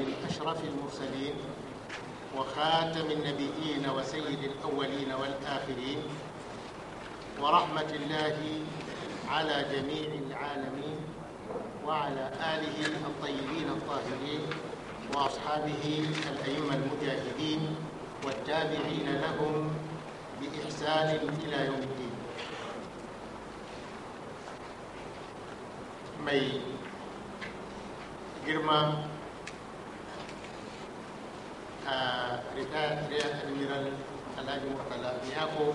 محمد أشرف المرسلين وخاتم النبيين وسيد الأولين والآخرين ورحمة الله على جميع العالمين وعلى آله الطيبين الطاهرين وأصحابه الأئمة المجاهدين والتابعين لهم بإحسان إلى يوم الدين مي girma A retired rear admiral alhaji murtala miyako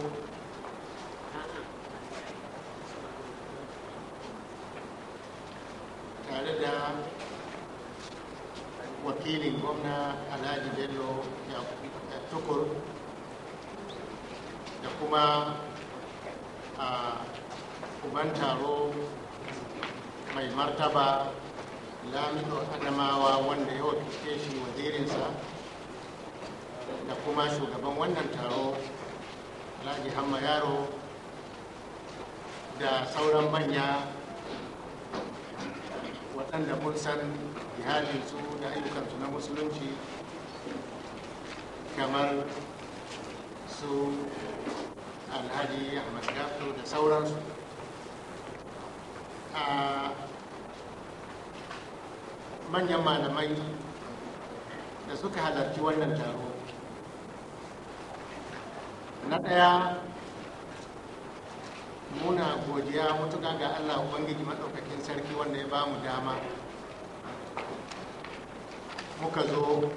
tare da wakilin gwamna alhaji bello ya tukur da kuma kuban taro mai martaba lamido adamawa wanda ya wakilce shi wazirinsa da kuma shugaban wannan taro alhaji hamma yaro da sauran manya waɗanda mun san ihalinsu da ayyukansu na musulunci kamar su alhaji ahmad gafto da sauransu a manyan malamai da suka halarci wannan taro na ɗaya muna godiya mutuka ga allah ubangiji maɗaukakin sarki wanda ya ba mu dama muka zo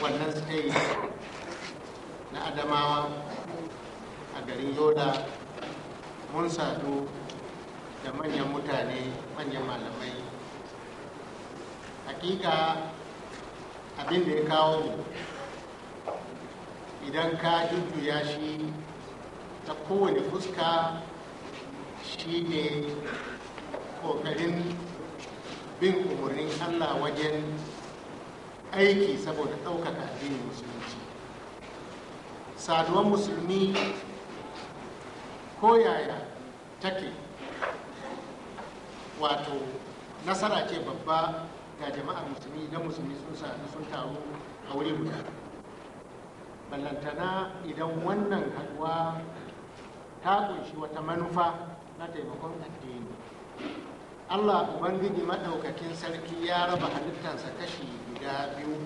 wannan stage na adamawa a garin yoda mun sadu da manyan mutane manyan malamai hakika abin da ya kawo mu idan ka jujjuya shi ta kowane fuska shi ne kokarin bin umarnin allah wajen aiki saboda ɗaukaka addinin musulunci saduwan musulmi koyaya take wato nasara ce babba ga jama'ar musulmi idan musulmi sun sun taru a wuri guda ballantana idan wannan haɗuwa ta kunshi wata manufa na taimakon addini allah ubangiji maɗaukakin sarki ya raba halittarsa kashi guda biyu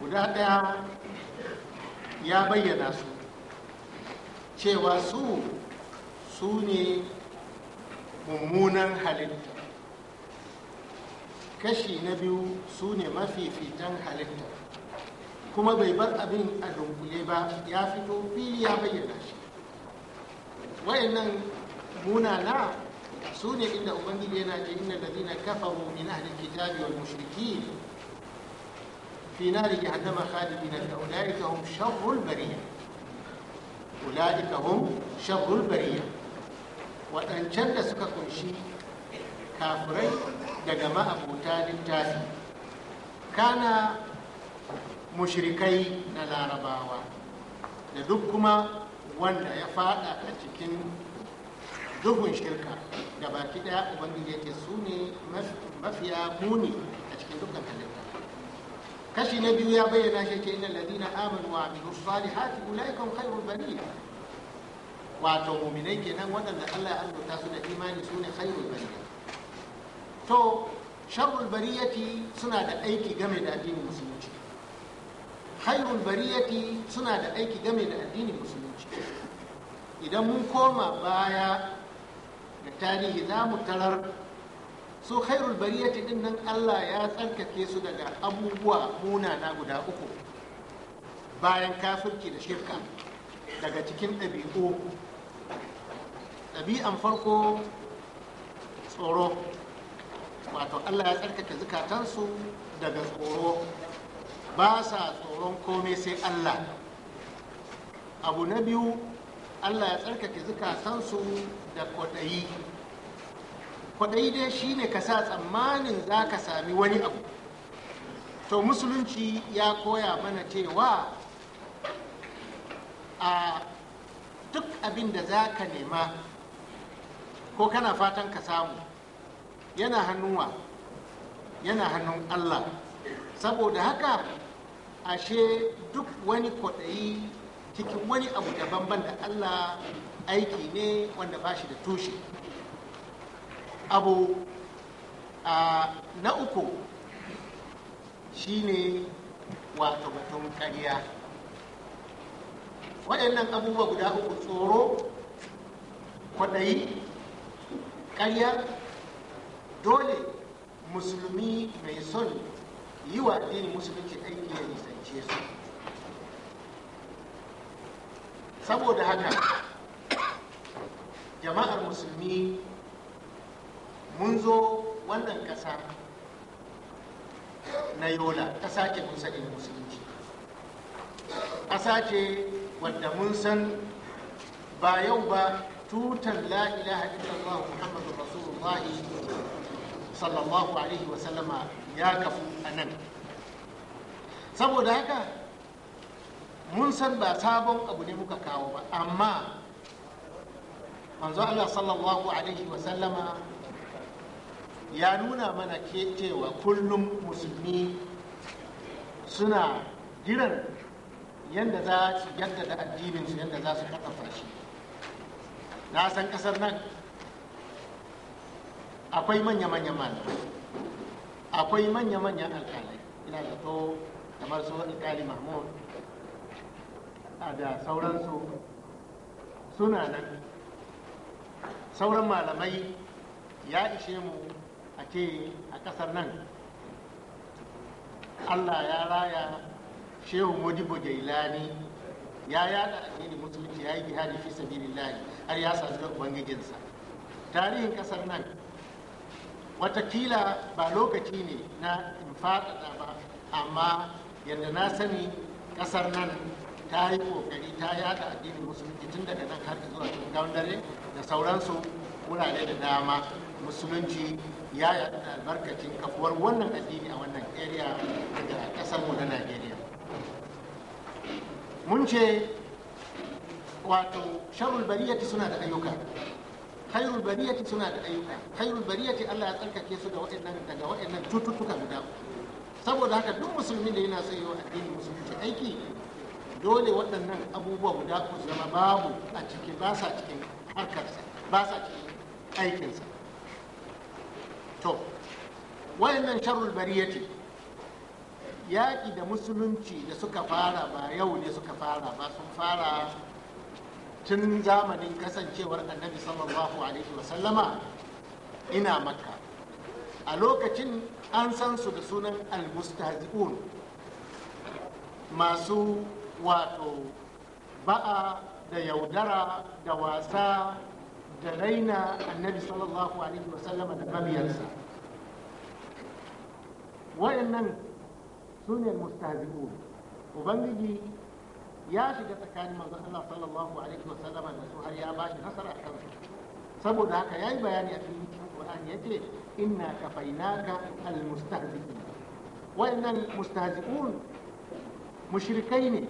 guda ɗaya ya bayyana su cewa su su ne mummunan halitta kashi na biyu su ne mafifitan halitta kuma bai bar abin a dunkule ba ya fito fili ya bayyana shi wayannan na su ne inda ubangiji yana ce inna ladina kafaru min ahli kitabi wal mushrikin fi nari jahannama khalidina fa ulaika hum sharrul bariya ulaika hum sharrul bariya wadancan da suka kunshi kafirai daga ma'abuta littafi kana mushrikai na larabawa da duk kuma wanda ya fada a cikin duhun shirka da baki daya ubangiji yake su ne mafiya muni a cikin dukkan halitta kashi na biyu ya bayyana shi ke inna ladina amanu wa amilu salihati ulaikum khairul bariya wato muminai kenan waɗanda Allah ya arzuta su da imani su ne khairul bariya to sharrul bariyati suna da aiki game da addinin musulunci khairul bariyati suna da aiki game da addinin musulunci idan mun koma baya da tarihi za mu tarar su khairul bariyati din nan Allah ya tsarkake su daga abubuwa munana guda uku bayan kafirki da shirka daga cikin ɗabi'u ɗabi'an farko tsoro wato Allah ya tsarkake zukatansu daga tsoro ba sa tsoron komai sai Allah abu na biyu Allah ya tsarkake zukatansu da kwaɗayi kwaɗayi dai shi ne ka sa tsammanin za ka sami wani abu to musulunci ya koya mana cewa a duk abin da za ka nema ko kana fatan ka samu yana hannuwa yana hannun Allah saboda haka ashe duk wani kwaɗayi cikin wani abu daban da Allah aiki ne wanda ba shi da tushe abu na uku shine wato batun ƙarya waɗannan abubuwa guda uku tsoro kwaɗayi ƙarya dole musulmi mai son yi wa addinin musulunci aiki ya nisa kusance su saboda haka jama'ar musulmi mun zo wannan ƙasa na yola ƙasa ce mun sani musulunci ƙasa ce wadda mun san ba yau ba tutan la ilaha illallah muhammadu rasulullahi sallallahu alaihi wasallama ya kafu a nan saboda haka mun san ba sabon abu ne muka kawo ba amma manzo Allah sallallahu alaihi wa sallama ya nuna mana ke cewa kullum musulmi suna jiran yadda za su da addininsu yadda za su kafa shi na san kasar nan akwai manya-manyan malamai akwai manya-manyan alkalai ina to kamar su alkali mahmud da sauransu suna nan sauran malamai ya ishe mu a ce a ƙasar nan allah ya raya shehu modibo jailani ya yada addini musulunci ya yi jihadi fi sabilillahi har ya sami da ubangijinsa tarihin ƙasar nan watakila ba lokaci ne na in faɗaɗa ba amma yadda na sani kasar nan ta yi kokari ta yada addinin musulunci tun daga nan har zuwa cikin dare da sauransu wurare da dama musulunci ya yadda albarkacin kafuwar wannan addini a wannan area daga kasar mu na Najeriya mun ce wato sharul bariyati suna da ayyuka khairul bariyati suna da ayyuka khairul bariyati Allah ya tsarkake su da waɗannan daga waɗannan cututtuka guda uku saboda haka duk musulmi da yana sai addini addinin musulunci aiki dole waɗannan abubuwa guda ku zama babu a ciki ba sa cikin harkarsa ba sa cikin aikinsa to wayannan sharrul bariyati yaƙi da musulunci da suka fara ba yau ne suka fara ba sun fara tun zamanin kasancewar annabi sallallahu alaihi wasallama ina makka a lokacin an san su da sunan almustahzi'un masu wato ba'a da yaudara da wasa da raina annabi sallallahu alaihi wasallama da mabiyarsa wayannan su ne mustahzi'un ubangiji ya shiga tsakanin manzon Allah sallallahu alaihi wasallama da su har ya bashi nasara a kansu saboda haka yayi bayani a cikin Qur'ani yace inna kafainaka almustahzi'in wa'annan mustahzi'un mushrikai ne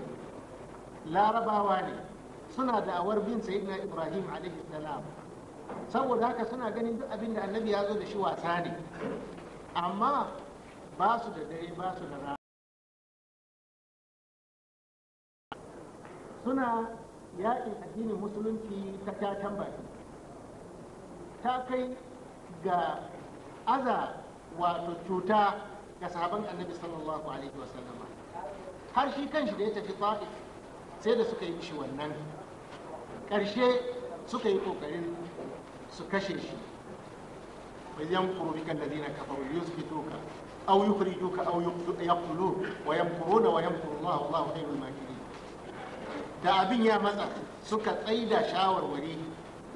larabawa ne suna da'awar bin sayyidina ibrahim alaihi salam saboda haka suna ganin duk abin da annabi ya zo da shi wasa ne amma ba su da dare ba su da rana suna yakin addinin musulunci ta takan baki ta kai ga aza wato cuta ga sahaban annabi sallallahu alaihi wasallam har shi kanshi da ya tafi ta'if sai da suka yi mishi wannan ƙarshe suka yi ƙoƙarin su kashe shi ويمكر بك الذين aw yukhrijuka aw يخرجوك wa يقتلوك wa ويمكر Allah Allahu khairul makirin da abin ya matsa suka tsaida shawarwari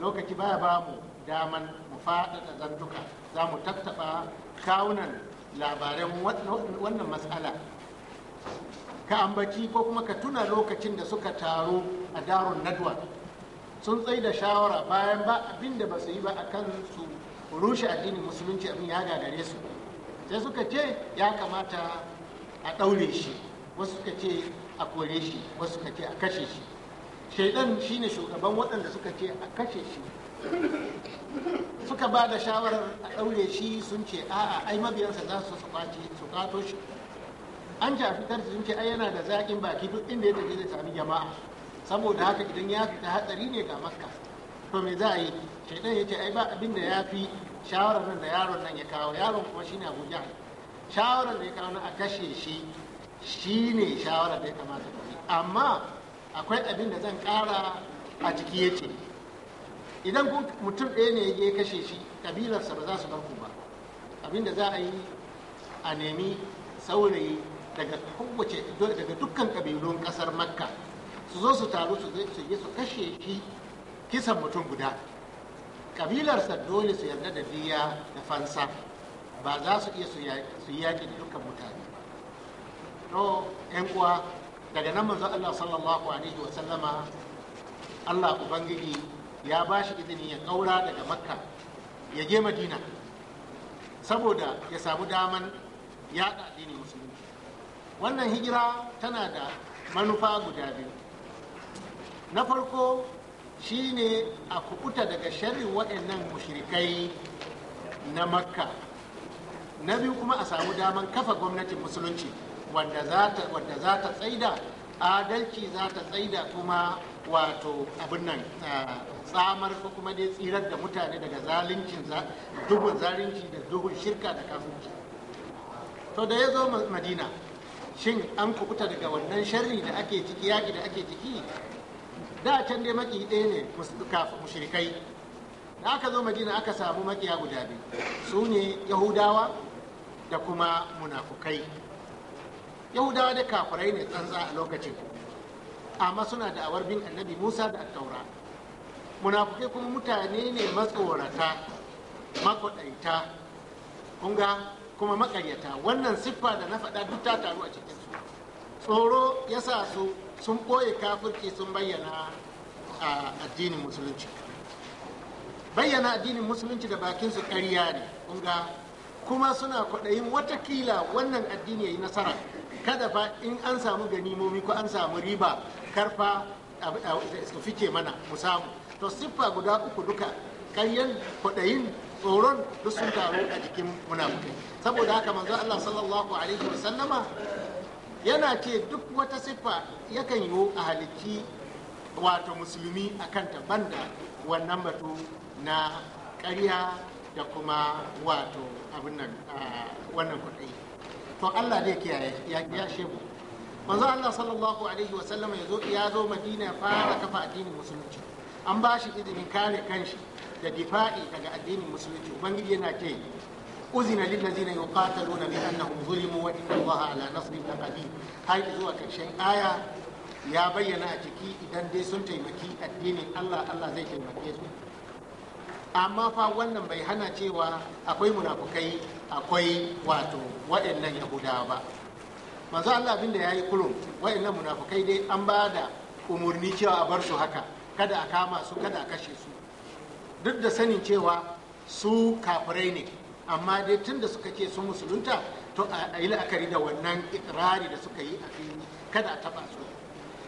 lokaci baya babu. daman mu faɗaɗa zantuka za mu tattaɓa kawunan labaran wannan matsala ka ambaci ko kuma ka tuna lokacin da suka taru a darun nadwa sun tsaye da shawara bayan ba abin da ba su yi ba akan su rushe addinin musulunci abin ya gagare su sai suka ce ya kamata a ɗaure shi wasu suka ce a kore shi wasu suka ce a kashe shi shaidan shine shugaban waɗanda suka ce a kashe shi suka ba da shawarar a ɗaure shi sun ce a'a ai mabiyansa za su su kwato shi an ja fitar sun ce ai yana da zaƙin baki duk inda ya tafi zai sami jama'a saboda haka idan ya fita hatsari ne ga makka to me za a yi shaidan ya ce ai ba abin da ya fi shawarar nan da yaron nan ya kawo yaron kuma shine abu jahal shawarar da ya kawo na a kashe shi shine shawarar da ya kamata amma akwai abin da zan ƙara a ciki ya ce idan mutum ɗaya ne ya kashe shi kabilarsa ba za su bar ku ba abinda za a yi a nemi saurayi daga daga dukkan kabilun ƙasar makka su zo su taru su zai su kashe shi kisan mutum guda kabilarsa dole su yarda da biya da fansa ba za su iya su yaƙi da dukkan mutane to yan uwa daga nan manzo Allah sallallahu alaihi wa sallama Allah ubangiji ya ba shi izini ya ƙaura daga makka ya je madina saboda ya samu daman yaɗa addinin musulunci wannan hijira tana da manufa guda biyu na farko shi ne a kukuta daga sharrin waɗannan mushrikai na makka na biyu kuma a samu daman kafa gwamnatin musulunci wanda za ta tsaida adalci za ta tsaida kuma wato abin nan tsamar ko kuma dai tsirar da mutane daga zalincin dubun zalunci da duhun shirka da kafinci to da ya zo madina shin an kubuta daga wannan sharri da ake ciki yaƙi da ake ciki da can dai maki ɗaya ne mushrikai da aka zo madina aka samu makiya guda biyu su ne yahudawa da kuma munafukai yahudawa da kafirai ne tsantsa a lokacin amma suna da awar bin annabi musa da attaura munafukai kuma mutane ne matsorata makwaɗaita kunga kuma makaryata wannan siffa da na faɗa duk ta taru a cikinsu tsoro ya sa su sun ɓoye kafirki sun bayyana a addinin musulunci bayyana addinin musulunci da bakinsu ƙarya ne kunga kuma suna kwaɗayin watakila wannan addini ya yi nasara kada fa in an samu ganimomi ko an samu riba karfa su fice mana mu samu to siffa guda uku duka kayan kwaɗayin tsoron duk sun taru a jikin munafukai saboda haka manzo Allah sallallahu alaihi wa sallama yana ce duk wata siffa yakan yiwu a halicci wato musulmi a kanta banda wannan batu na ƙarya da kuma wato abin nan wannan kwaɗayi to Allah zai kiyaye ya kiyashe manzo Allah sallallahu alaihi wa sallama yazo ya zo Madina ya fara kafa addinin musulunci an ba shi izinin kare kanshi da difa'i daga addinin musulunci ubangiji yana ce uzina lil ladzina yuqataluna bi annahum zulimu wa inna Allaha ala nasrihim laqadir har zuwa karshen aya ya bayyana a ciki idan dai sun taimaki addinin Allah Allah zai taimake su amma fa wannan bai hana cewa akwai munafukai akwai wato waɗannan yahudawa ba manzo Allah abin da yayi kurum waɗannan munafukai dai an ba da umarni cewa a bar su haka kada a kama su kada a kashe su duk da sanin cewa su kafirai ne amma dai tun da suka ce su musulunta to a yi la'akari da wannan ikirari da suka yi a fili kada a taɓa su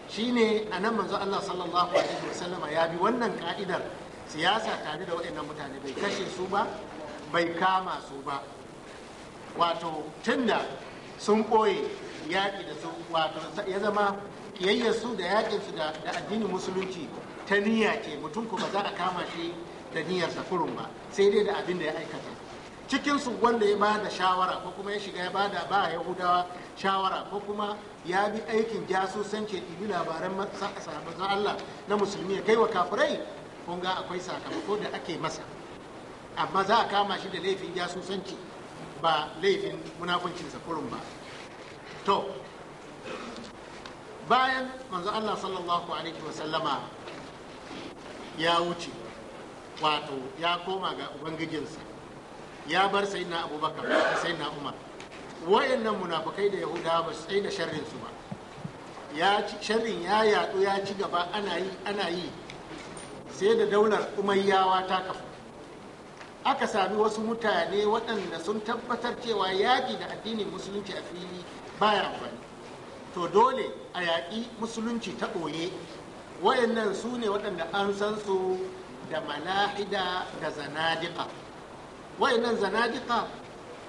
shine a nan manzo Allah sallallahu alaihi wasallama ya bi wannan ka'idar siyasa tare da waɗannan mutane bai kashe su ba bai kama su ba wato tunda sun ɓoye yaƙi da su wato ya zama kiyayyar su da yaƙin su da addinin musulunci ta niyya ce mutum kuma za a kama shi da niyyar kurun ba sai dai da abin da ya aikata Cikinsu wanda ya bada shawara ko kuma ya shiga ya bada ba yahudawa shawara ko kuma ya bi aikin jasusanci ibi labaran sahabban Allah na musulmi ya kai wa kafirai kun ga akwai sakamako da ake masa amma za a kama shi da laifin jasusanci ba laifin munafuncinsa kurum ba to bayan manzo Allah sallallahu alaihi wasallama ya wuce wato ya koma ga ubangijinsa ya bar sai na abubakar da sai na umar wayannan munafukai da yahuda ba su tsaye da sharrin su ba ya sharrin ya yadu ya ci gaba ana yi ana yi sai da daular umayyawa ta kafa. aka sami wasu mutane waɗanda sun tabbatar cewa yaƙi da addinin musulunci a fili baya amfani to dole a yaƙi musulunci ta ɓoye wayannan su ne waɗanda an san su da mala'ida da zanadika wayannan zanadika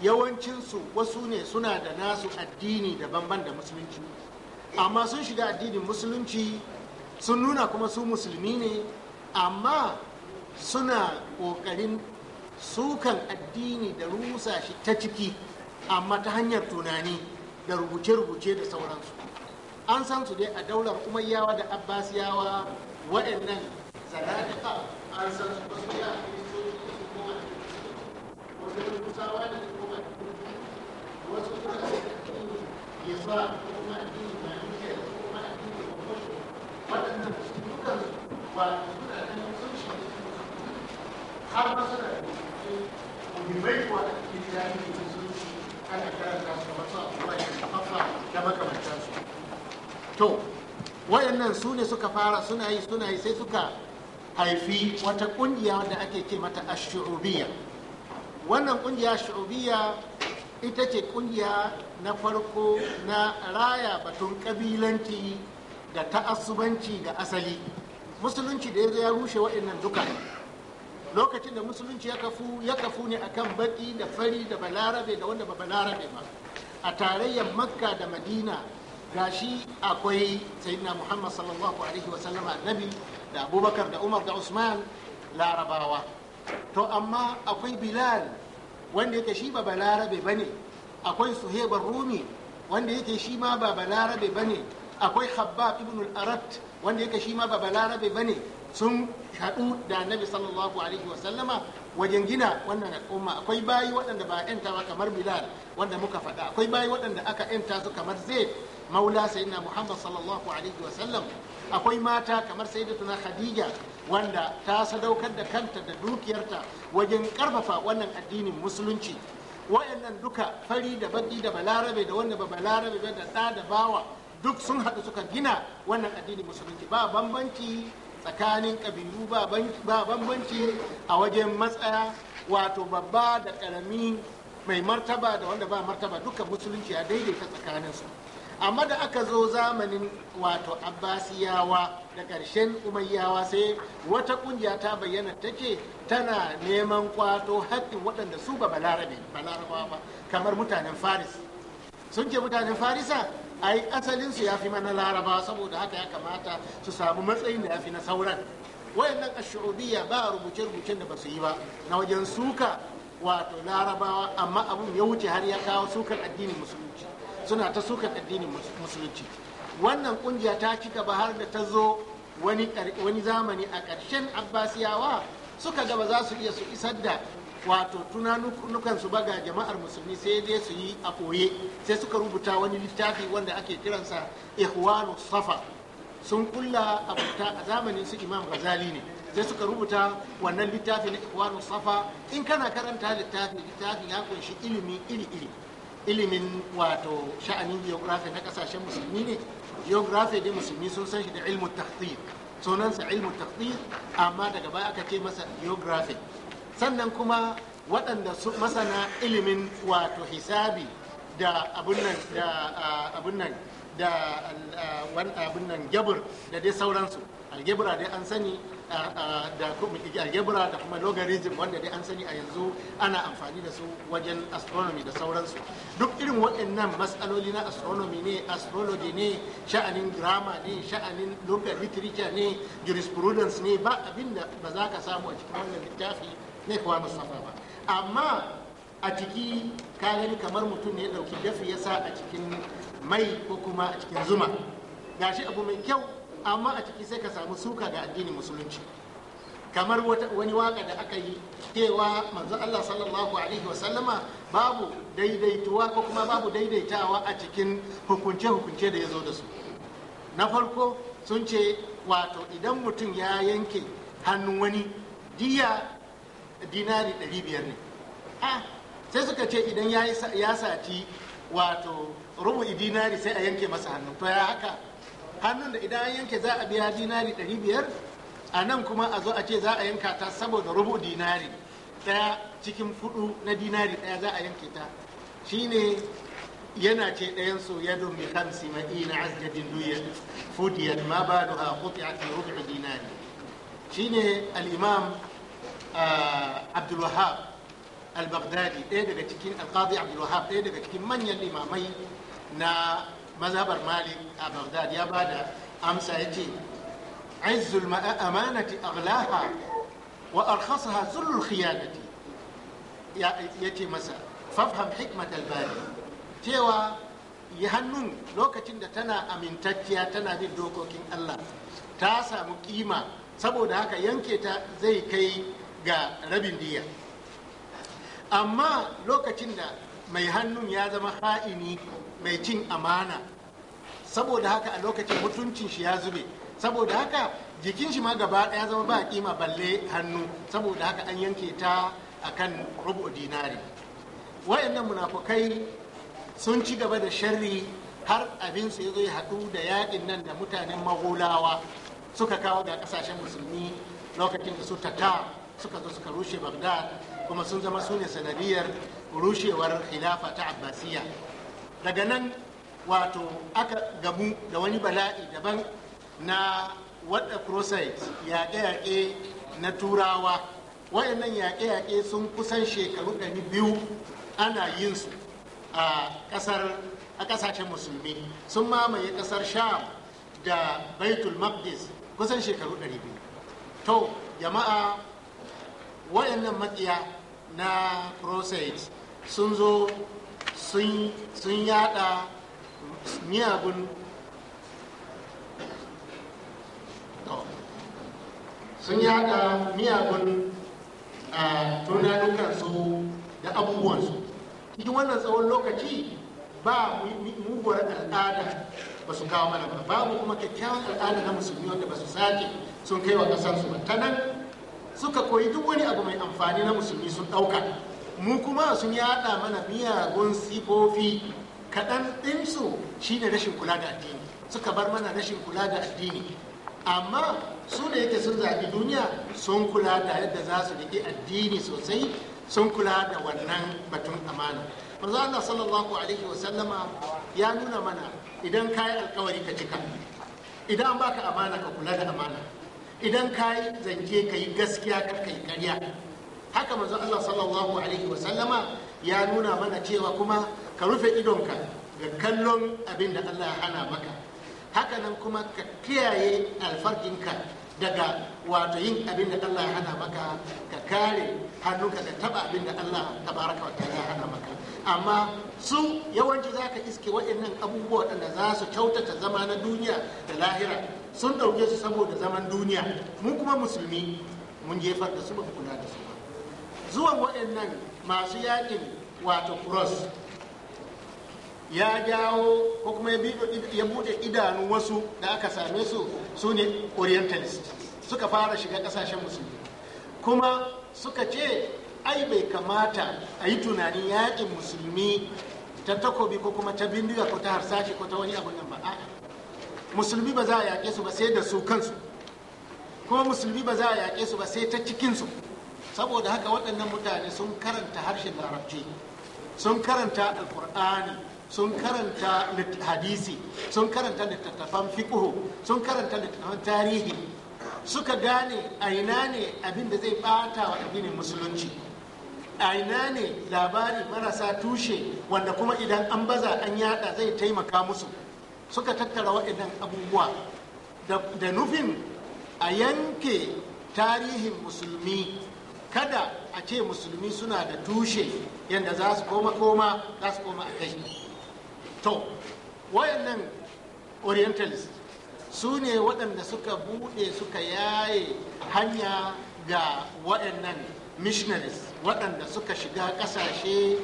yawancinsu wasu ne suna da nasu addini daban-ban da musulunci amma sun shiga addinin musulunci sun nuna kuma su musulmi ne amma suna ƙoƙarin sukan addini da rusa shi ta ciki amma ta hanyar tunani da rubuce-rubuce da sauransu an san su dai a daular umayyawa da abbasiyawa waɗannan zanadika an san su wasu ya wasu kusawa da kuma wasu kuma ya sa kuma addini na kuma addini da kuma waɗannan su dukkan to wayannan su ne suka fara suna yi suna yi sai suka haifi wata kungiya wanda ake ce mata ashirubiya wannan kungiya ashirubiya ita ce kungiya na farko na raya batun kabilanci da ta'assubanci da asali musulunci da ya zo ya rushe waɗannan duka lokacin da musulunci ya kafu ya kafu ne akan baki da fari da balarabe da wanda ba balarabe ba a tarayyar makka da madina gashi akwai sayyidina muhammad sallallahu alaihi wasallam annabi da abubakar da umar da usman larabawa to amma akwai bilal wanda yake shi ba balarabe ba ne akwai suhebar rumi wanda yake shi ma ba balarabe ba ne akwai habab ibn al-arat wanda yake shi ma ba balarabe ba ne sun haɗu da annabi sallallahu alaihi sallama wajen gina wannan al'umma akwai bayi waɗanda ba yanta ba kamar bilal wanda muka faɗa akwai bayi waɗanda aka yanta su kamar zai maula sayyidina muhammad sallallahu alaihi sallam akwai mata kamar sayyidatuna khadija wanda ta sadaukar da kanta da dukiyarta wajen karfafa wannan addinin musulunci wayannan duka fari da baki da balarabe da wanda ba balarabe ba da ɗa da bawa duk sun haɗu suka gina wannan addinin musulunci ba bambanci tsakanin ƙabilu ba bambanci a wajen matsaya wato babba da ƙarami mai martaba da wanda ba martaba duka musulunci a daidaita tsakaninsu amma da aka zo zamanin wato abbasiyawa da ƙarshen umayyawa sai wata ƙungiya ta bayyana ta ce tana neman kwato haƙƙin waɗanda su ba balarabe balarabawa ba kamar mutanen faris sun ce mutanen farisa ai asalin su fi mana laraba saboda haka ya kamata su samu matsayin da ya fi na sauran wayannan ash ba rubuce rubucen da ba su yi ba na wajen suka wato larabawa amma abun ya wuce har ya kawo sukan addinin musulunci suna ta sukan addinin musulunci wannan kungiya ta ci gaba har da ta zo wani zamani a ƙarshen abbasiyawa suka gaba za su iya su isar da wato tunanukan su baga jama'ar musulmi sai dai su yi a koye sai suka rubuta wani littafi wanda ake kiransa ihwanu safa sun kulla bauta a zamanin su imam gazali ne sai suka rubuta wannan littafi na ihwanu safa in kana karanta littafi littafin ya kunshi ilimi iri iri ilimin wato sha'anin geography na kasashen musulmi ne geography dai musulmi sun san shi da ilmu takhtir sunansa ilmu takhtir amma daga baya aka ce masa geography sannan kuma waɗanda su masana ilimin wato hisabi da da abunan da abunan nan da dai sauransu algebra dai an sani da algebra da kuma logarithm wanda dai an sani a yanzu ana amfani da su wajen astronomy da sauransu duk irin waɗannan matsaloli na astronomy ne astrology ne sha'anin grammar ne sha'anin local literature ne jurisprudence ne ba abin da ba za ka samu a cikin wannan littafi ne kuwa musamman ba amma a ciki ka kamar mutum ne ya ɗauki dafi ya sa a cikin mai ko kuma a cikin zuma gashi abu mai kyau amma a ciki sai ka samu suka ga addinin musulunci kamar wani waka da aka yi cewa manzo Allah sallallahu alaihi wa sallama, babu daidaituwa ko kuma babu daidaitawa a cikin hukunce-hukunce da ya zo da su na farko sun ce wato idan mutum ya yanke hannun wani diya dinari 500 ne sai suka ce idan ya saci wato rubu'i dinari sai a yanke masa hannu to ya haka hannun da idan an yanke za a biya dinari 500 a nan kuma a zo a ce za a yanka ta saboda rubu dinari ɗaya cikin fudu na dinari ɗaya za a yanke ta ne yana ce ɗayan su yadun bi khamsi ma'ina azjadin duyal fudiyat ma ha quti'at bi rubu dinari shine ne alimam Abdul al-Baghdadi ɗaya daga cikin al-Qadi ɗaya daga cikin manyan limamai na mazhabar malik a baghdad ya bada amsa ya ce izzul amanati aghlaha wa arkhasaha zullul khiyanati ya ce masa fafham hikmat albani cewa yi hannun lokacin da tana amintacciya tana bin dokokin allah ta samu kima saboda haka yanke ta zai kai ga rabin diya amma lokacin da mai hannun ya zama ha'ini mai cin amana saboda haka a lokacin mutuncin shi ya zube saboda haka jikin shi ma gaba ya zama ba kima balle hannu saboda haka an yanke ta a kan rubu dinari wayannan munafukai sun ci gaba da sharri har abin su ya haɗu da yaƙin nan da mutanen magulawa suka kawo ga ƙasashen musulmi lokacin da su tata suka zo suka rushe bagdad kuma sun zama su ne sanadiyar rushewar khilafa ta abbasiya daga nan wato aka gamu da wani bala'i daban na wadda prosite yaƙe-yaƙe na turawa wayannan yaƙe-yaƙe sun kusan shekaru biyu ana yin su a ƙasar a ƙasashen musulmi sun mamaye ƙasar sham da baitul maqdis kusan shekaru biyu to jama'a wayannan matsiya na prostate sun zo sun yada miyagun sun yada miyagun da abubuwansu cikin wannan tsawon lokaci ba muguwar al'ada ba su kawo mana ba ba mu kuma kyakkyawan al'ada na musulmi wanda ba su sake sun kai wa su ba ta nan suka koyi duk wani abu mai amfani na musulmi sun ɗauka mu kuma sun yaɗa mana miyagun sifofi kaɗan ɗinsu shine rashin kula da addini suka bar mana rashin kula da addini amma su da yake sun zaɓi duniya sun kula da yadda za su riƙe addini sosai sun kula da wannan batun amana manzo Allah sallallahu alaihi wa sallama ya nuna mana idan kai alkawari ka cika idan an baka amana ka kula da amana idan ka yi zance ka yi gaskiya kar ka yi karya haka manzo Allah sallallahu alaihi wa sallama ya nuna mana cewa kuma ka rufe idonka ga kallon abin da Allah hana maka haka nan kuma ka kiyaye alfarkinka daga wato yin abin da Allah hana maka ka kare hannunka da taba abin da Allah tabaraka wa ta'ala ya hana maka amma su yawanci zaka iske waɗannan abubuwa da za su kyautata zama na duniya da lahira sun ɗauke su saboda zaman duniya mu kuma musulmi mun jefar da su ba kula da su ba zuwan waɗannan masu yakin wato cross ya jawo ko kuma ya buɗe idanu wasu da aka same su su ne orientalist suka fara shiga ƙasashen musulmi kuma suka ce ai bai kamata a yi tunanin yakin musulmi ta takobi ko kuma ta bindiga ko ta harsashi ko ta wani abu nan ba musulmi ba za a yaƙe su ba sai da su kansu kuma musulmi ba za a yaƙe su ba sai ta cikinsu saboda haka waɗannan mutane sun karanta harshen larabci sun karanta alkur'ani sun karanta hadisi sun karanta littattafan fiƙo sun karanta littattafan tarihi suka gane aina ne abin da zai ɓata wa addinin musulunci aina ne labari marasa tushe wanda kuma idan an baza an yada zai taimaka musu suka tattara waɗannan abubuwa da nufin a yanke tarihin musulmi kada a ce musulmi suna da tushe yadda za su koma koma za su koma a kai to waɗannan orientalist su ne waɗanda suka buɗe suka yaye hanya ga waɗannan missionaries waɗanda suka shiga ƙasashe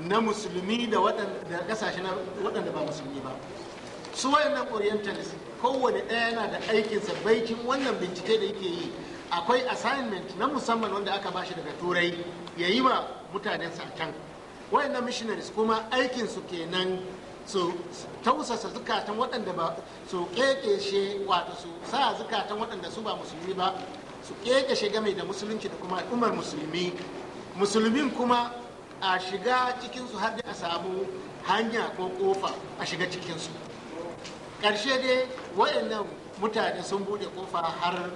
na musulmi da waɗanda ba musulmi ba su wayannan orientalist kowane ɗaya yana da aikinsa baikin wannan bincike da yake yi akwai assignment na musamman wanda aka bashi daga turai ya yi wa mutanensa can wayannan missionaries kuma aikinsu kenan su tausasa zukatan waɗanda ba su ƙeƙeshe wato su sa zukatan waɗanda su ba musulmi ba su ƙeƙeshe game da musulunci da kuma al'ummar musulmi musulmin kuma a shiga cikinsu har da a samu hanya ko ƙofa a shiga cikinsu ƙarshe dai waɗannan mutane sun buɗe kofa har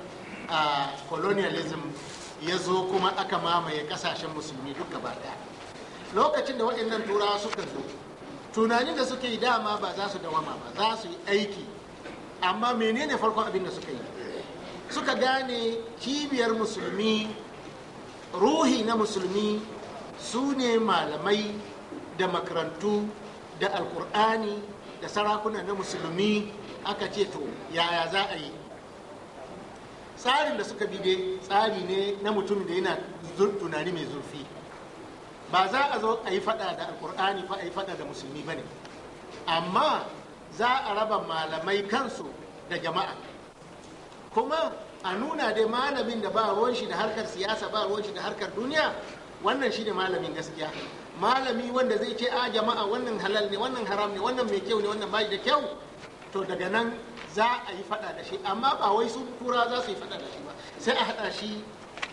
a colonialism ya zo kuma aka mamaye ƙasashen musulmi duk gaba lokacin da waɗannan turawa suka zo tunanin da suka yi dama ba za su dawama ba za su yi aiki amma menene farkon abin da suka yi suka gane cibiyar musulmi ruhi na musulmi su ne malamai da makarantu da alkur'ani da sarakuna na musulmi aka ce to yaya za a yi tsarin da suka bi dai tsari ne na mutum da yana tunani mai zurfi ba za a zo a yi fada da alkur'ani fa a yi fada da musulmi ba ne amma za a raba malamai kansu da jama'a kuma a nuna dai malamin da ba ruwan shi da harkar siyasa ba ruwan shi da harkar duniya wannan shi ne malamin gaskiya malami wanda zai ce a jama'a wannan halal ne wannan haram ne wannan mai kyau ne wannan bai da kyau to daga nan za a yi fada da shi amma ba wai su kura za su yi fada da shi ba sai a hada shi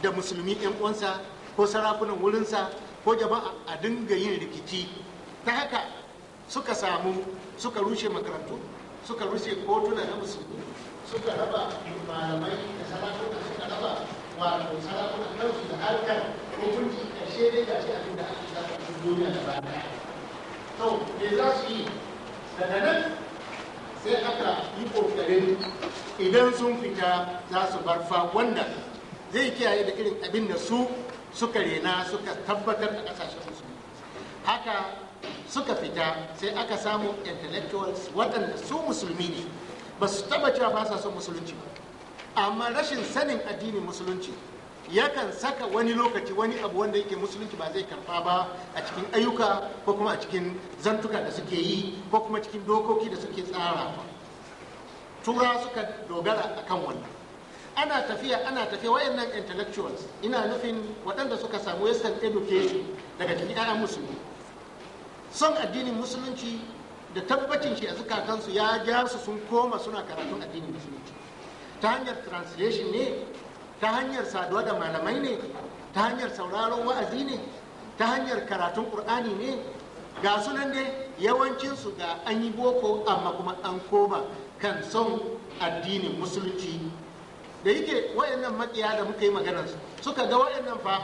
da musulmi yan uwansa ko sarafunan wurinsa ko jama'a a dinga yin rikici ta haka suka samu suka rushe makarantu suka rushe kotuna na musulmi suka raba malamai da sarakuna suka raba wato sarakunan kansu da harkar hukunci ƙarshe dai a duk da duniya da ba to za su nan sai aka yi ƙoƙarin idan sun fita za su barfa wanda zai kiyaye da irin abin da su suka rena suka tabbatar a kasashen musulmi haka suka fita sai aka samu intellectuals waɗanda su musulmi ne ba su taba cewa ba sa son musulunci ba amma rashin sanin addinin musulunci yakan saka wani lokaci wani abu wanda yake musulunci ba zai karfa ba a cikin ayyuka ko kuma a cikin zantuka da suke yi ko kuma cikin dokoki da suke tsara tura suka dogara a kan wannan ana tafiya ana tafiya wayannan intellectuals ina nufin waɗanda suka samu western education daga cikin 'ya'yan musulmi son addinin musulunci da tabbacin shi a zukatansu ya ja su sun koma suna karatun addinin musulunci ta hanyar translation ne ta hanyar saduwa da malamai ne ta hanyar sauraron wa'azi ne ta hanyar karatun ƙur'ani ne ga sunan dai yawancinsu ga an yi boko amma kuma an koma kan son addinin musulunci da yake wayannan makiya da muka yi maganarsu suka ga wayannan fa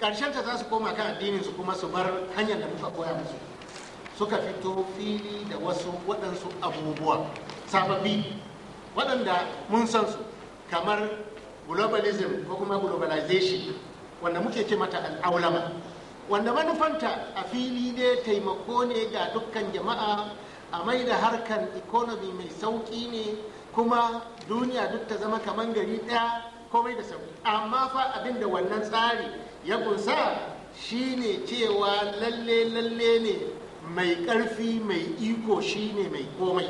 ƙarshen ta za su koma kan addinin su kuma su bar hanyar da muka koya musu suka fito fili da wasu waɗansu abubuwa sababbi waɗanda mun san su kamar globalism ko kuma globalization wanda muke ce mata al'aulama wanda manufanta a fili ne taimako ne ga dukkan jama'a a mai da harkar economy mai sauƙi ne kuma duniya duk ta zama kamar gari ɗaya komai da sauki amma fa abin da wannan tsari ya kunsa shine cewa lalle lalle ne mai ƙarfi mai iko shine mai komai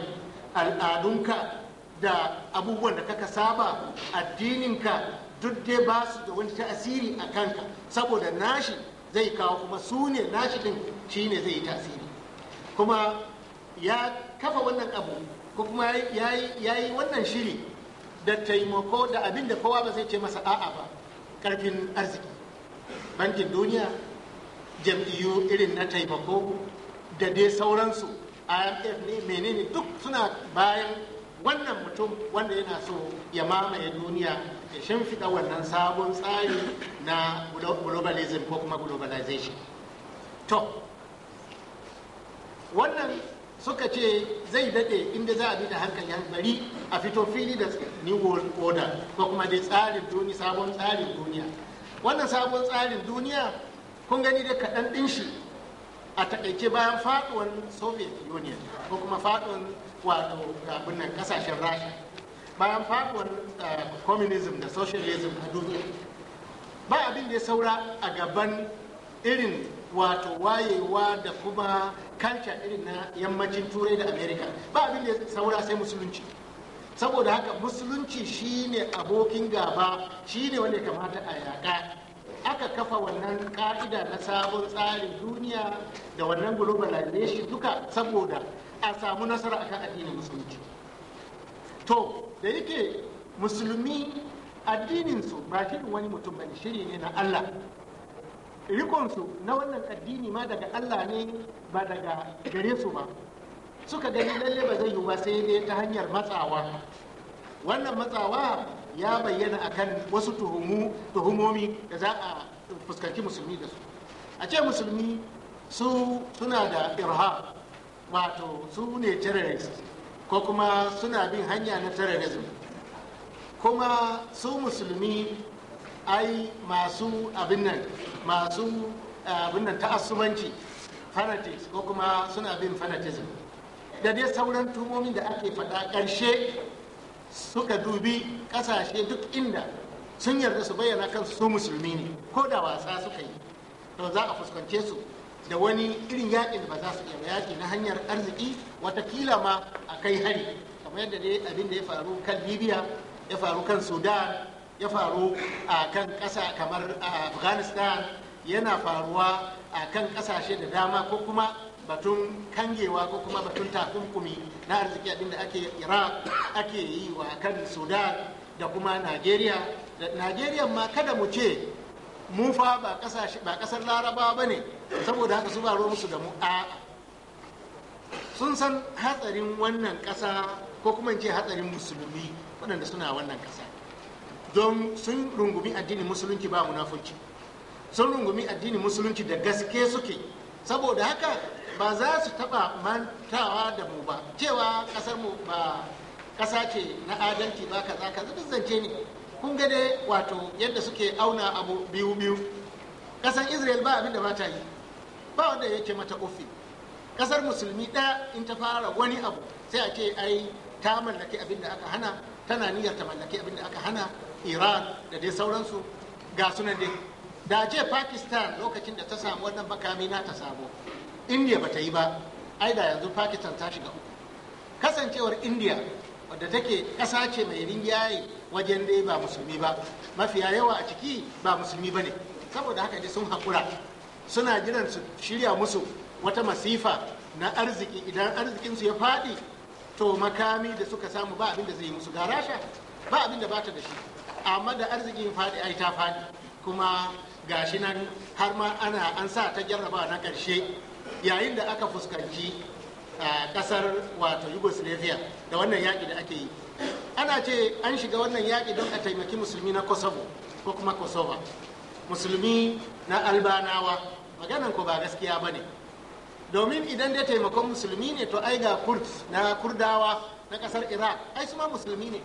al'adunka da abubuwan da kaka saba addininka duk dai ba su da wani tasiri a kanka saboda nashi zai kawo kuma su ne nashi din shi ne zai yi tasiri kuma ya kafa wannan abu ko kuma ya yi wannan shiri da taimako da abin da kowa ba zai ce masa a'a ba karfin arziki bankin duniya jam'iyyu irin na taimako da dai sauransu imf ne menene duk suna bayan wannan mutum wanda yana so ya mamaye duniya ya shimfiɗa wannan sabon tsari na globalism ko kuma globalization to wannan suka ce zai daɗe inda za a bi da hankali bari a fito fili da new world order ko kuma dai tsarin duniya sabon tsarin duniya wannan sabon tsarin duniya kun gani da kaɗan ɗin shi a taƙaice bayan faɗuwar soviet union ko kuma faɗuwar wato abinnan kasashen rasha bayan faruwar ah, communism da socialism a duniya ba abin da ya saura a gaban irin wato wayewa da kuma kalca irin na yammacin turai da america ba abin da ya saura sai musulunci saboda haka musulunci shine abokin gaba shine wanda ya kamata a yaka. aka kafa wannan ka'ida na sabon tsarin duniya da wannan globalization duka saboda a samu nasara akan addinin musulunci to da yake musulmi addininsu ba shirin wani mutum bani shiri ne na allah rikonsu na wannan addini ma daga allah ne ba daga gare su ba suka gani lalle ba zai yi ba sai dai ta hanyar matsawa wannan matsawa ya bayyana akan wasu tuhumu tuhumomi da za a fuskanci musulmi da su a ce musulmi su suna da irha, wato su ne terrorist ko kuma suna bin hanya na terrorism kuma su musulmi ai masu abin nan masu eh, abin nan ta'assubanci fanatics ko kuma suna bin fanatism da dai sauran tuhumomin da ake faɗa ƙarshe suka dubi kasashe duk inda sun yarda su bayyana kansu su musulmi ne ko da wasa suka yi to za a fuskance su da wani irin yaƙin ba za su iya yaƙi na hanyar arziki watakila ma a kai hari kamar yadda dai abin da ya faru kan libya ya faru kan sudan ya faru a kan ƙasa kamar afghanistan yana faruwa a kan ƙasashe da dama ko kuma batun kangewa ko kuma batun takunkumi na arziki abinda ake iraq ake yi wa kan sudan da kuma nigeria nigeria ma kada mu ce mu fa ba kasar larabawa ba ne saboda haka su baro musu da mu a sun san hatsarin wannan kasa ko kuma ce hatsarin musulmi waɗanda suna wannan kasa don sun rungumi addinin musulunci ba munafunci sun rungumi addinin musulunci da gaske suke saboda haka ba za su taba mantawa da mu ba cewa kasar mu ba kasa ce na adalci ba kaza kaza duk zance ne kun ga dai wato yadda suke auna abu biyu biyu kasar israel ba abin da ba ta yi ba wanda yake mata ofi kasar musulmi da in ta fara wani abu sai a ce ai ta mallaki abin da aka hana tana niyyar ta mallaki abin da aka hana iran da dai sauransu ga sunan dai da je pakistan lokacin da ta samu wannan makami na ta sabo indiya ba ta yi ba ai da yanzu pakistan ta shiga uku kasancewar indiya wadda take ƙasa ce mai ringiyaye wajen dai ba musulmi ba mafiya yawa a ciki ba musulmi ba ne saboda haka sun haƙura suna jiran su shirya musu wata masifa na arziki idan arzikinsu ya faɗi to makami da suka samu ba abin da zai yi musu ga rasha ba abin da bata da shi amma da arzikin faɗi ai ta faɗi kuma ga shi nan har ma ana an sa ta jarrabawa na ƙarshe yayin da aka fuskanci a kasar wato yugoslavia da wannan yaƙi da ake yi ana ce an shiga wannan yaƙi don a taimaki musulmi na kosovo ko kuma kosova musulmi na albanawa maganan ko ba gaskiya ba ne domin idan dai taimakon musulmi ne to ai ga kurd na kurdawa na kasar iraq ai su ma musulmi ne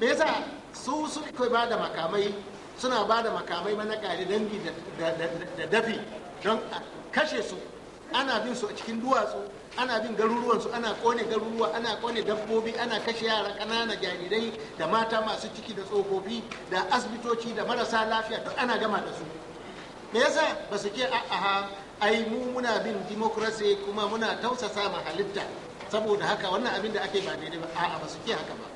me yasa su su kai ba da makamai suna ba da makamai mana kare dangi da dafi don a kashe su ana bin su a cikin duwatsu ana bin garuruwansu ana kone garuruwa ana kone dabbobi ana kashe yara kanana jarirai da mata masu ciki da tsofaffi da asibitoci da marasa lafiya duk ana gama da su me yasa ba su ke a'a ai mu muna bin demokrasi kuma muna tausasa ma halitta saboda haka wannan abin da ake ba daidai ba a'a ba su ke haka ba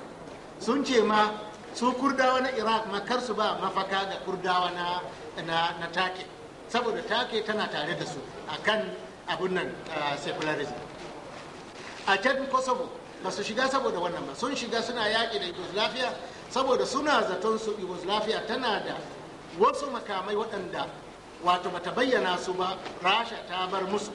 sun ce ma su kurdawa na iraq ma kar su ba mafaka ga kurdawa na, na take saboda take tana tare da su akan abun nan ah, secularism a can kosovo ba su shiga saboda wannan ba sun shiga suna yaƙi da yugoslavia saboda suna zaton su yugoslavia tana da wasu makamai waɗanda wato bata bayyana su ba rasha ta bar musu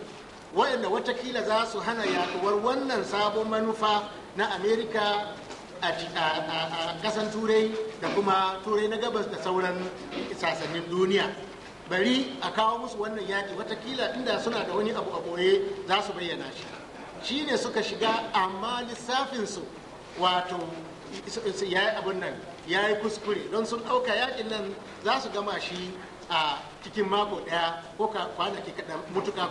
waɗanda watakila za su hana yaduwar wannan sabon manufa na amerika a kasan turai da kuma turai na gabas da sauran sasannin duniya bari a kawo musu wannan yaƙi watakila inda suna da wani abu a boye za su bayyana shi shi ne suka shiga amma lissafinsu wato ya yi abin nan ya yi kuskure don sun ɗauka yaƙin nan za su gama shi a cikin mako ɗaya ko kwanaki kaɗan mutuka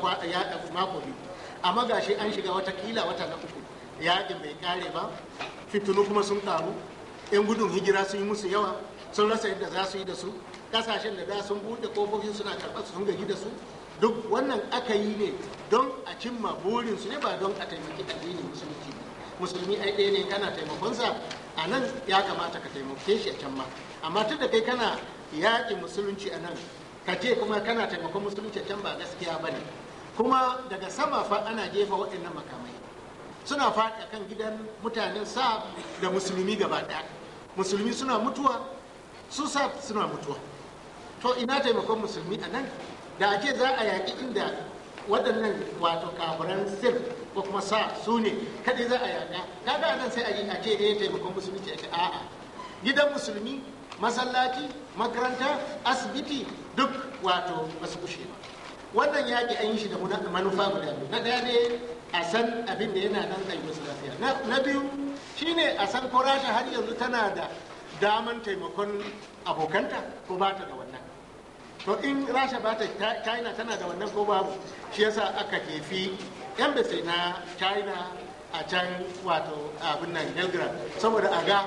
mako biyu amma ga shi an shiga watakila wata na uku yaƙin bai kare ba fitinu kuma sun ƙaru 'yan gudun hijira sun yi musu yawa sun rasa yadda za su yi da su kasashen da za sun buɗe kofofin suna karɓar su sun gaji da su duk wannan aka yi ne don a cimma burin su ne ba don a taimaki addinin musulunci musulmi ai ɗaya ne kana sa a nan ya kamata ka taimake shi a can ma amma tun da kai kana yaƙi musulunci a nan ka ce kuma kana taimakon musulunci a can ba gaskiya ba ne kuma daga sama fa ana jefa waɗannan makamai suna faɗa kan gidan mutanen sa da musulmi gaba ɗaya musulmi suna mutuwa su sa suna mutuwa to ina taimakon musulmi a nan da ake za a yaƙi inda waɗannan wato kafiran sir ko kuma sa su ne kaɗai za a yaƙa kaga nan sai a yi a ce ne eh, taimakon musulunci a ce a'a gidan musulmi masallaci makaranta asibiti duk wato masu kushe ba wannan yaƙi an yi shi da manufa guda biyu na ɗaya ne a san abin da yana nan ɗan wasu lafiya na biyu shine a san ko rasha har yanzu tana da daman taimakon abokanta ko ba ta da wani to in rasha ba ta china tana da wannan ko babu shi yasa aka kefi embassy na china a can wato abin nan belgrade saboda a ga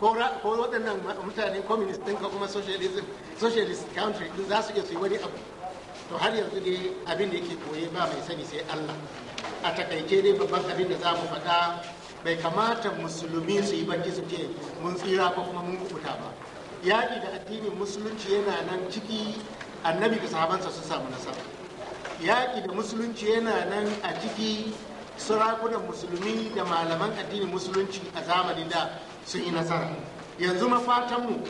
ko waɗannan mutane communist ɗinka kuma socialist country za su iya su yi wani abu to har yanzu dai abin da yake koye ba mai sani sai allah a takaice dai babban abin da za mu faɗa bai kamata musulmi su yi baki su ce mun tsira ko kuma mun kubuta ba yaƙi da addinin musulunci yana nan ciki annabi da sahabansa sun samu nasara yaƙi da musulunci yana nan a ciki sarakunan musulmi da malaman addinin musulunci a zamanin da sun yi nasara yanzu mafatanmu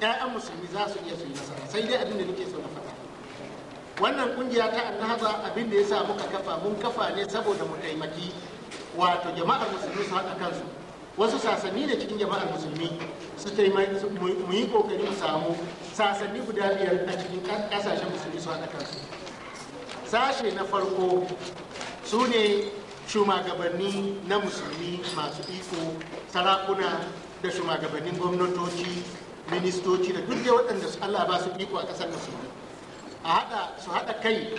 'ya'yan musulmi za su iya su yi nasara sai dai abin da nake so na faɗa wannan kungiya ta annahaza abin da ya sa muka kafa mun kafa ne saboda mu taimaki wato jama'ar musulmi su haɗa kansu wasu sasanni da cikin jama'ar musulmi su ta mu yi kokari mu samu sasanni guda biyar a cikin kasashen musulmi su haɗa kansu sashe na farko su ne shumagabanni na musulmi masu iko sarakuna da shumagabannin gwamnatoci ministoci da duk da waɗanda su Allah ba su iko a ƙasar musulmi a haɗa su haɗa kai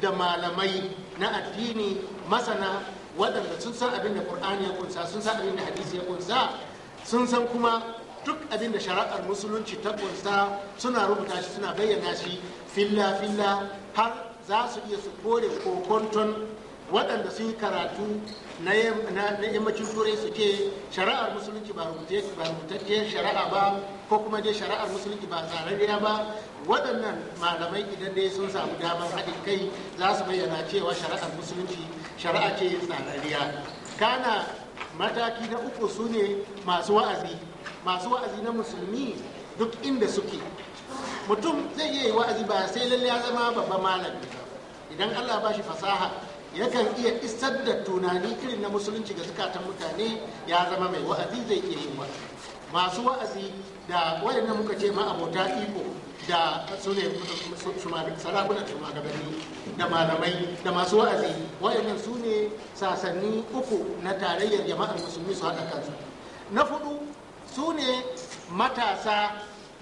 da malamai na addini masana waɗanda sun san abin da ƙur'ani ya kunsa sun san abin da hadisi ya kunsa sun san kuma duk abin da shari'ar musulunci ta kunsa suna rubuta shi suna bayyana shi filla filla har za su iya su kore kokonton waɗanda sun yi karatu na yammacin turai su ke shari'ar musulunci ba rubutacciyar shari'a ba ko kuma dai shari'ar musulunci ba zarariya ba waɗannan malamai idan dai sun samu damar haɗin kai za su bayyana cewa shari'ar musulunci shari'a ce zarariya kana mataki na uku su ne masu wa'azi masu wa'azi na musulmi duk inda suke mutum zai iya yi wa'azi ba sai lalle ya zama babban malami idan allah ba shi fasaha yakan iya isar da tunani irin na musulunci ga zukatan mutane ya zama mai wa'azi zai iya yin wa'azi masu wa'azi da waɗanda muka ce ma abota iko da su ne sarakunan shugabanni da malamai da masu wa'azi da su ne sasanni uku na tarayyar jama'ar musulmi su haɗa kansu na fudu su ne matasa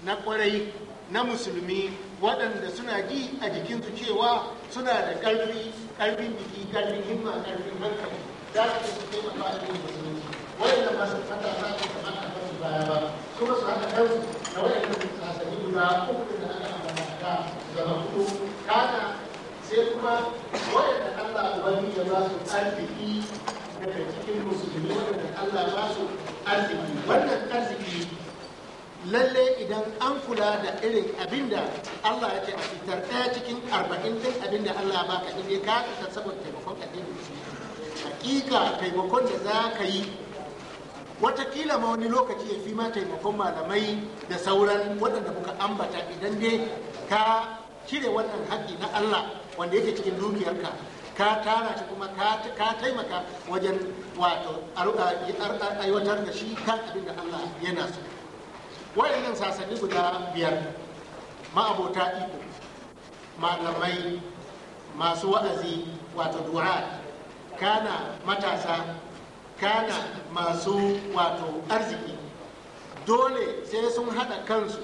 na kwarai na musulmi waɗanda suna ji a jikinsu cewa suna da ƙarfi ƙarfin jiki ƙarfin himma ƙarfin hankali za su taimaka a cikin musulmi waɗanda masu za su kamar baya ba su ba su haɗa kansu da waɗannan sasanni guda da aka ambata da zama hudu kana sai kuma waɗanda Allah ubangiji ya ba su arziki daga cikin musulmi da Allah ba su arziki wannan arziki lalle idan an kula da irin abinda Allah ya ce a fitar ɗaya cikin arba'in ɗin abinda Allah ba ka ɗin ka ka saboda taimakon addinin musulmi hakika taimakon da za ka yi watakila ma wani lokaci ya fi ma taimakon malamai da sauran waɗanda kuka ambata idan dai ka cire wannan haƙƙi na Allah wanda yake cikin dukiyarka ka tara shi kuma ka taimaka wajen wato aiwatar da shi kan abin da Allah yana so wayannan sasanni guda biyar ma'abota iko malamai masu wa'azi wato du'a kana matasa kana masu wato arziki dole sai sun hada kansu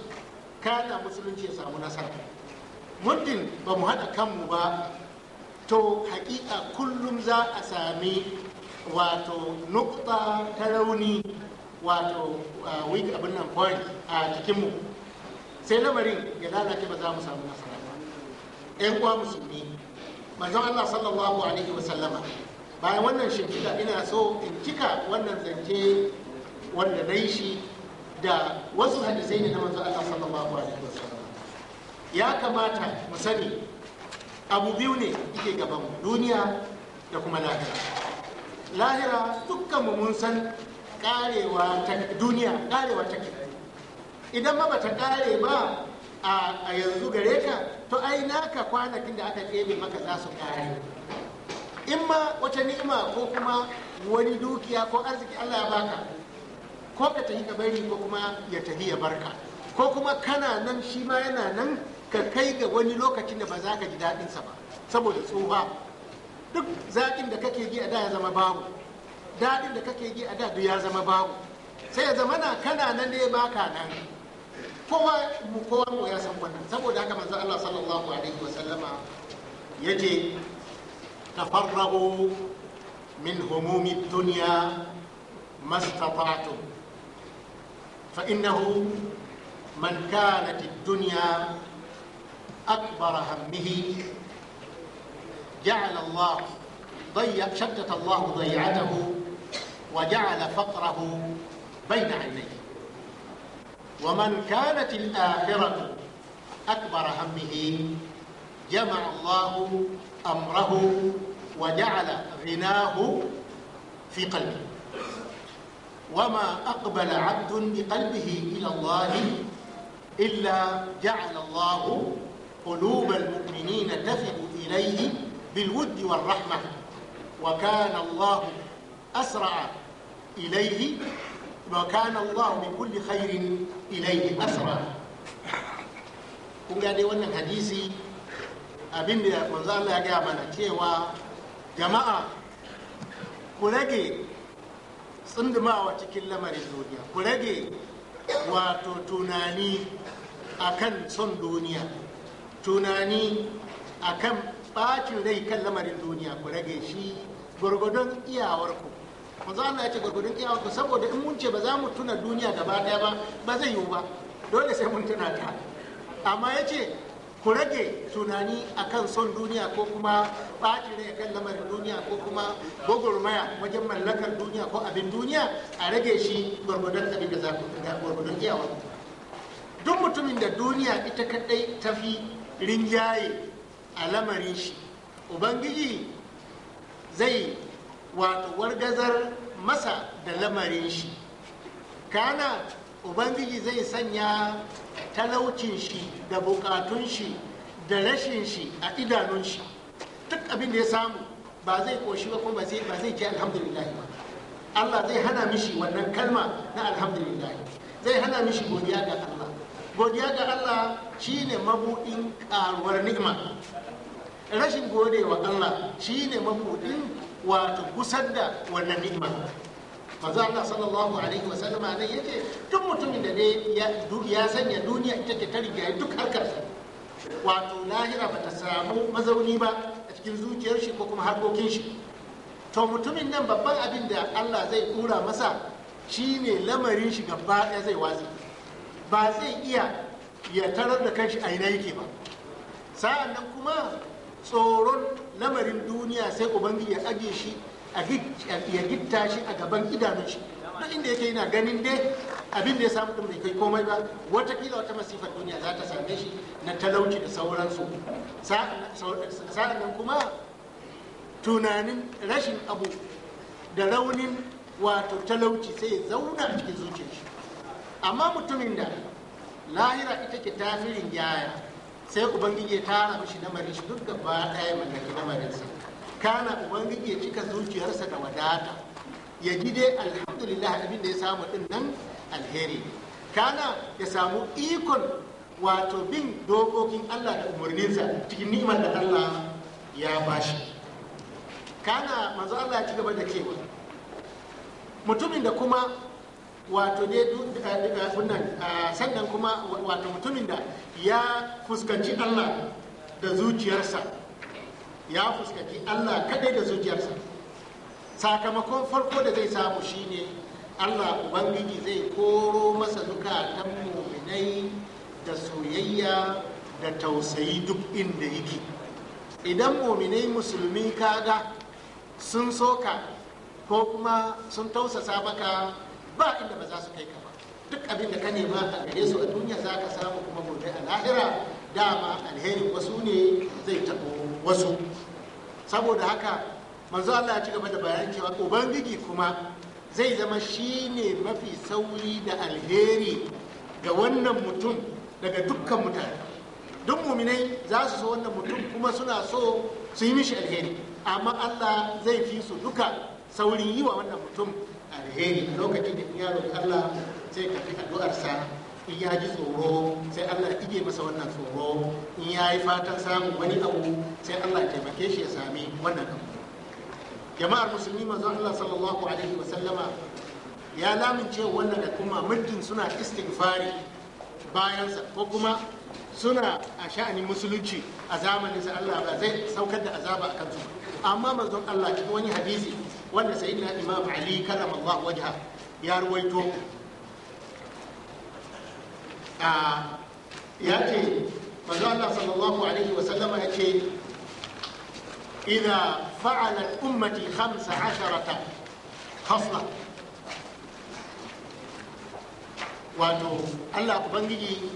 kana musulunci ya samu nasara muddin ba mu haɗa kanmu ba to hakika kullum za a sami wato nukta ta rauni wato weak abin nan point a cikinmu sai lamarin ya lalace ba za mu samu nasara ba 'yan uwa musulmi manzon allah sallallahu alaihi wasallama bayan wannan shekida ina so in cika wannan zance wanda na yi shi da wasu hadisai ne na manzo Allah sallallahu alaihi wasallam ya kamata mu sani abu biyu ne yake gaban duniya da kuma lahira lahira dukkan mu mun san karewa ta duniya karewa take idan ma bata kare ba a yanzu gare ka to ai naka kwanakin da aka ɗebe maka za su kare in ma wata ni'ima ko kuma wani dukiya ko arziki Allah ya baka ko ka tafi ka bari ko kuma ya tafi ya barka ko kuma kana nan shi ma yana nan ka kai ga wani lokacin da ba za ka ji daɗinsa ba saboda tsoha duk zaƙin da kake ji a da ya zama babu daɗin da kake ji a da duk ya zama babu sai ya zama na kana nan ya baka nan kowa mu kowa mu ya san wannan saboda haka manzo Allah sallallahu alaihi wasallama yaje تفرغوا من هموم الدنيا ما استطعتم فإنه من كانت الدنيا أكبر همه جعل الله ضيق شتت الله ضيعته وجعل فقره بين عينيه ومن كانت الآخرة أكبر همه جمع الله أمره وجعل غناه في قلبه وما أقبل عبد بقلبه إلى الله إلا جعل الله قلوب المؤمنين تفد إليه بالود والرحمة وكان الله أسرع إليه وكان الله بكل خير إليه أسرع كنت لك حديثي abin da manzo Allah ya gaya mana cewa jama'a ku rage tsundumawa cikin lamarin duniya ku rage wato tunani akan son duniya tunani akan bacin rai kan lamarin duniya ku rage shi gwargwadon iyawarku manzo Allah ya ce gwargwadon iyawarku saboda in mun ce ba za mu tuna duniya gaba daya ba ba zai yiwu ba dole sai mun tuna ta amma ya ce ku rage tunani akan son duniya ko kuma ɓaci rai kan lamarin duniya ko kuma gwagwarmaya wajen mallakar duniya ko abin duniya a rage shi gwargwadon abin da za ku ga gwargwadon iyawa duk mutumin da duniya ita kaɗai ta fi rinjaye a lamarin shi ubangiji zai wato wargazar masa da lamarin shi kana ubangiji zai sanya talaucin shi da bukatun shi da rashin shi a idanun shi duk abin da ya samu ba zai koshi ba kuma ba zai ji alhamdulillah ba Allah zai hana mishi wannan kalma na alhamdulillah zai hana mishi godiya ga Allah godiya ga Allah shine mabudin karuwar ni'ima rashin godewa Allah shine mabuɗin wato gusar da wannan ni'ima manzo Allah sallallahu alaihi wa sallama nan yace duk mutumin da ne ya sanya duniya ita ke ta rigaye duk harkar wato lahira bata samu mazauni ba a cikin zuciyar shi ko kuma harkokin shi to mutumin nan babban abin da Allah zai kura masa shine lamarin shi gaba ɗaya zai watsi ba zai iya ya tarar da kanshi a ina yake ba sa'an nan kuma tsoron lamarin duniya sai ubangiji ya ajiye shi ya gitta shi a gaban idanun shi ya inda yake yana ganin dai abin da ya samu din bai kai komai ba watakila wata masifar duniya za ta same shi na talauci da sauransu sa'annan kuma tunanin rashin abu da raunin wato talauci sai ya zauna a cikin zuciyar shi amma mutumin da lahira ita ke tasirin yaya sai ubangiji ya tara mishi namarin shi duk gaba ɗaya mallaki namarinsa kana ubangiji ya cika zuciyarsa da wadata ya ji dai alhamdulillah abin da ya samu din nan alheri kana ya samu ikon wato bin dokokin Allah da umarninsa cikin ni'imar da Allah ya bashi kana manzo Allah ya ci gaba da cewa mutumin da kuma wato ne wannan sannan kuma wato mutumin da ya fuskanci Allah da zuciyarsa ya fuskaci allah kadai da zuciyarsa sakamakon farko da zai samu shine allah ubangiji zai koro masa duka zukatan muminai da soyayya da tausayi duk inda yake idan muminai musulmi kaga sun soka ko kuma sun tausasa maka ba inda ba za su kai ka ba duk abin da ka nema a gare su a duniya za ka samu kuma gobe a lahira dama alherin wasu ne zai taɓo wasu saboda haka manzo Allah ya ci gaba da bayan cewa ubangiji kuma zai zama shi ne mafi sauri da alheri ga wannan mutum daga dukkan mutane duk muminai za su so wannan mutum kuma suna so su yi mishi alheri amma Allah zai fi su duka sauri yi wa wannan mutum alheri lokacin da ya roƙi Allah zai tafi addu'arsa in ya ji tsoro sai allah ije masa wannan tsoro in ya yi fatan samun wani abu sai allah taimake shi ya sami wannan abu jama'ar musulmi mazan allah sallallahu alaihi wasallama ya lamince wannan da kuma muddin suna istighfari bayansa ko kuma suna a sha'anin musulunci a zamanin sa Allah ba zai saukar da azaba a kansu. amma manzon Allah cikin wani hadisi wanda sayyidina Imam Ali karramallahu wajha ya ruwaito ya ce manzo Allah sallallahu alaihi wa sallama ya ce idza fa'alat ummati 15 khasla wato Allah ubangiji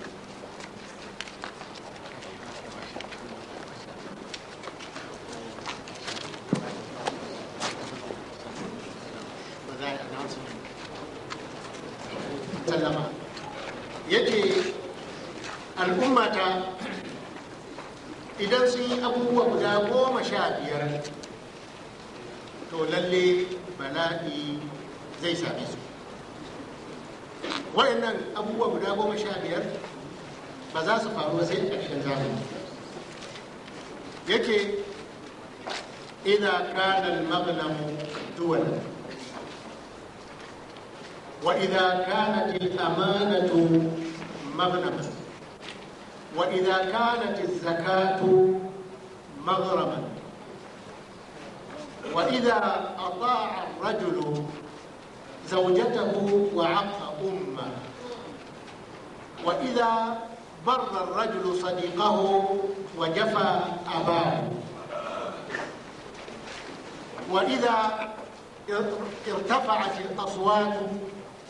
sallama ya ce al'ummata idan sun yi abubuwa guda goma sha biyar to lalle bala'i zai same su waɗannan abubuwa guda goma sha biyar ba za su faru sai a cikin zamani yake ina kanar magnamu duwan wa idan kanar amanatu مغنما وإذا كانت الزكاة مغرما وإذا أطاع الرجل زوجته وعق أمه وإذا بر الرجل صديقه وجفى أباه وإذا ارتفعت الأصوات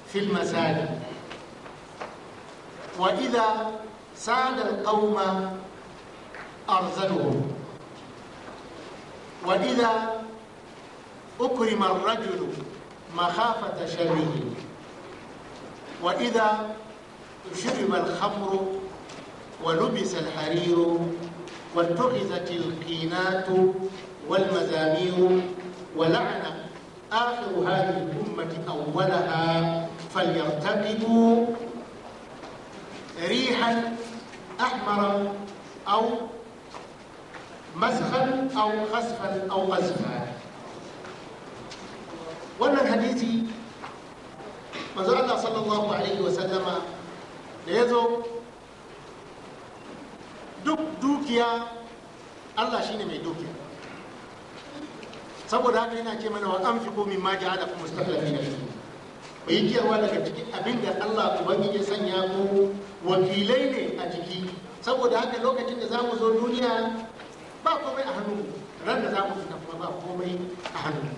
في المساجد وإذا ساد القوم أرزلهم وإذا أكرم الرجل مخافة شره وإذا شرب الخمر ولبس الحرير واتخذت القينات والمزامير ولعن آخر هذه الأمة أولها فليرتقبوا ريحا احمرا او مسخا او خسفا او قزفا وانا الحديث ما زال صلى الله عليه وسلم لذو دوك دوكيا الله شيني مي دوكيا سبو داكينا كيما وانفقوا مما جعلكم مستخلفين فيه ku yi daga cikin abin da Allah ubangiji ya sanya mu wakilai ne a jiki saboda haka lokacin da za mu zo duniya ba komai a hannu ran da za mu fita kuma ba komai a hannu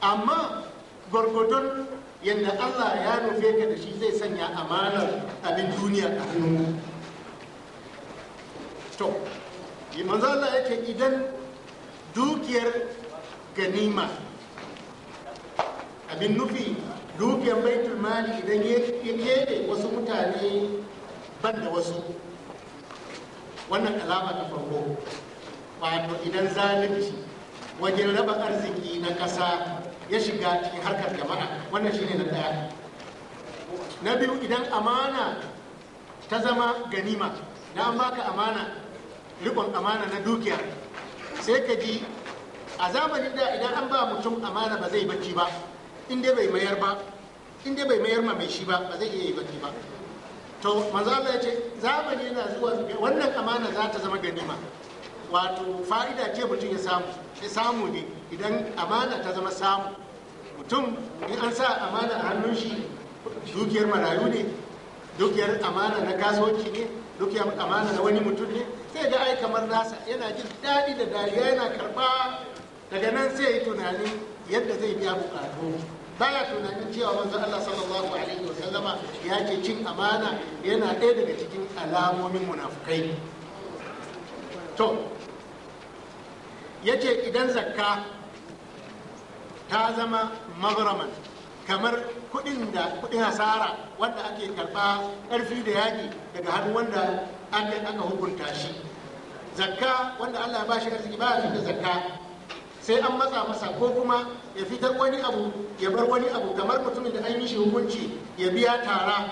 amma gorgodon yadda Allah ya nufe ka da shi zai sanya amanar abin duniya a hannu to manzo Allah yake idan dukiyar ganima abin nufi dukiyar baitul mali idan ya keɓe wasu mutane ban da wasu wannan alama ta farko wato idan zalunci wajen raba arziki na ƙasa ya shiga cikin harkar jama'a wannan shine na daya na biyu idan amana ta zama ganima na an baka amana rikon amana na dukiya sai ka ji a zamanin da idan an ba mutum amana ba zai bacci ba in dai bai mayar ba in bai mayar ma mai shi ba ba zai iya yi baki ba to manzo Allah ya ce zamani yana zuwa wannan amana za ta zama ganima wato fa'ida ce mutum ya samu ya samu ne idan amana ta zama samu mutum in an sa amana a hannun shi dukiyar marayu ne dukiyar amana na kasuwanci ne dukiyar amana na wani mutum ne sai ga ai kamar nasa yana jin daɗi da dariya yana karɓa daga nan sai ya yi tunani yadda zai biya bukatu baya tunanin cewa manzo Allah sallallahu alaihi wasallama ya ke cin amana yana ɗaya daga cikin alamomin munafukai to yace idan zakka ta zama maghraman kamar kudin da kudin hasara wanda ake karba karfi da yaki daga hannu wanda aka hukunta shi zakka wanda Allah ya shi arziki ba da zakka sai an matsa masa ko kuma ya fitar wani abu ya bar wani abu kamar mutumin da an yi shi hukunci ya biya tara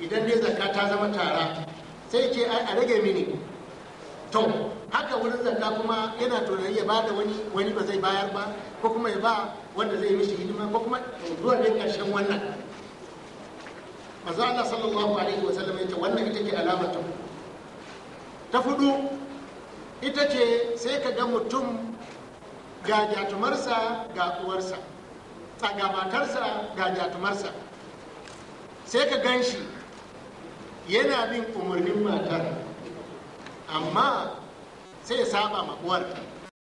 idan dai zakka ta zama tara sai ce a rage mini to haka wurin zakka kuma yana tunani ya bada wani wani ba zai bayar ba ko kuma ya ba wanda zai mishi hidima ko kuma zuwa ne karshen wannan manzo Allah sallallahu alaihi wa sallam yace wannan ita ke alamatu ta fudu ita ce sai ka ga mutum ga jatumarsa ga uwarsa a ga matarsa ga jatumarsa sai ka gan shi yana bin umarnin matar amma sai ya saba ma uwar